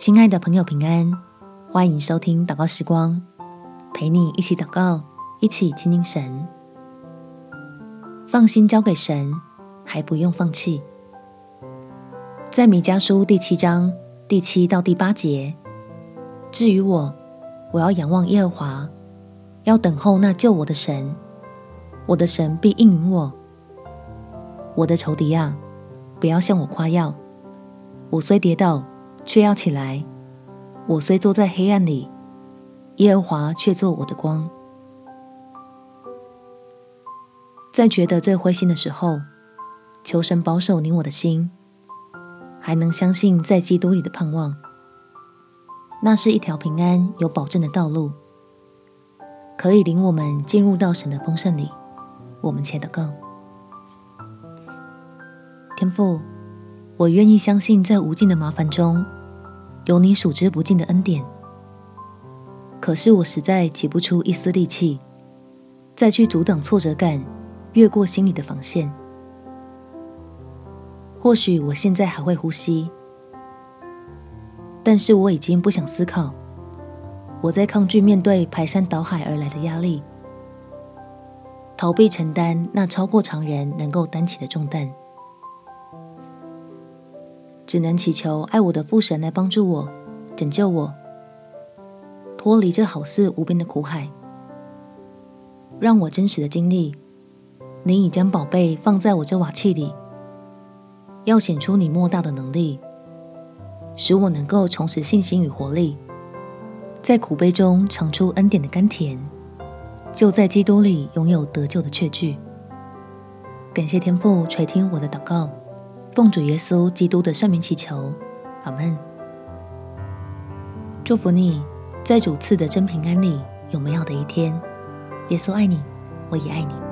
親愛的朋友，平安！歡迎收聽禱告時光，陪你一起禱告，一起親近神，放心交給神，還不用放棄。在米迦書第七章第七到第八節：“至於我，我要仰望耶和華，要等候那救我的神。我的神必應允我。我的仇敵啊，不要向我誇耀。我雖跌倒。”卻要起來，我雖坐在黑暗裡，耶和華卻作我的光。在覺得最灰心的時候，求神保守你我的心，還能相信在基督裡的盼望。那是一條平安有保證的道路，可以領我們進入到神的豐盛裡。我們切的更，天父。我願意相信，在無盡的麻煩中，有你數之不盡的恩典。可是我實在擠不出一絲力氣，再去阻擋挫折感，越過心裡的防線。或許我現在還會呼吸，但是我已經不想思考。我在抗拒面對排山倒海而來的壓力，逃避承擔那超過常人能夠擔起的重擔。只能祈求愛我的父神來幫助我，拯救我，脫離這好似無邊的苦海，讓我真實的經歷。您已將寶貝放在我這瓦器裡，要顯出你莫大的能力，使我能夠重拾信心與活力，在苦悲中嘗出恩典的甘甜，就在基督裡擁有得救的確據。感謝天父垂聽我的禱告。奉主耶穌基督的聖名祈求，阿門。祝福你在主賜的真平安裡有美好的一天。耶穌愛你，我也愛你。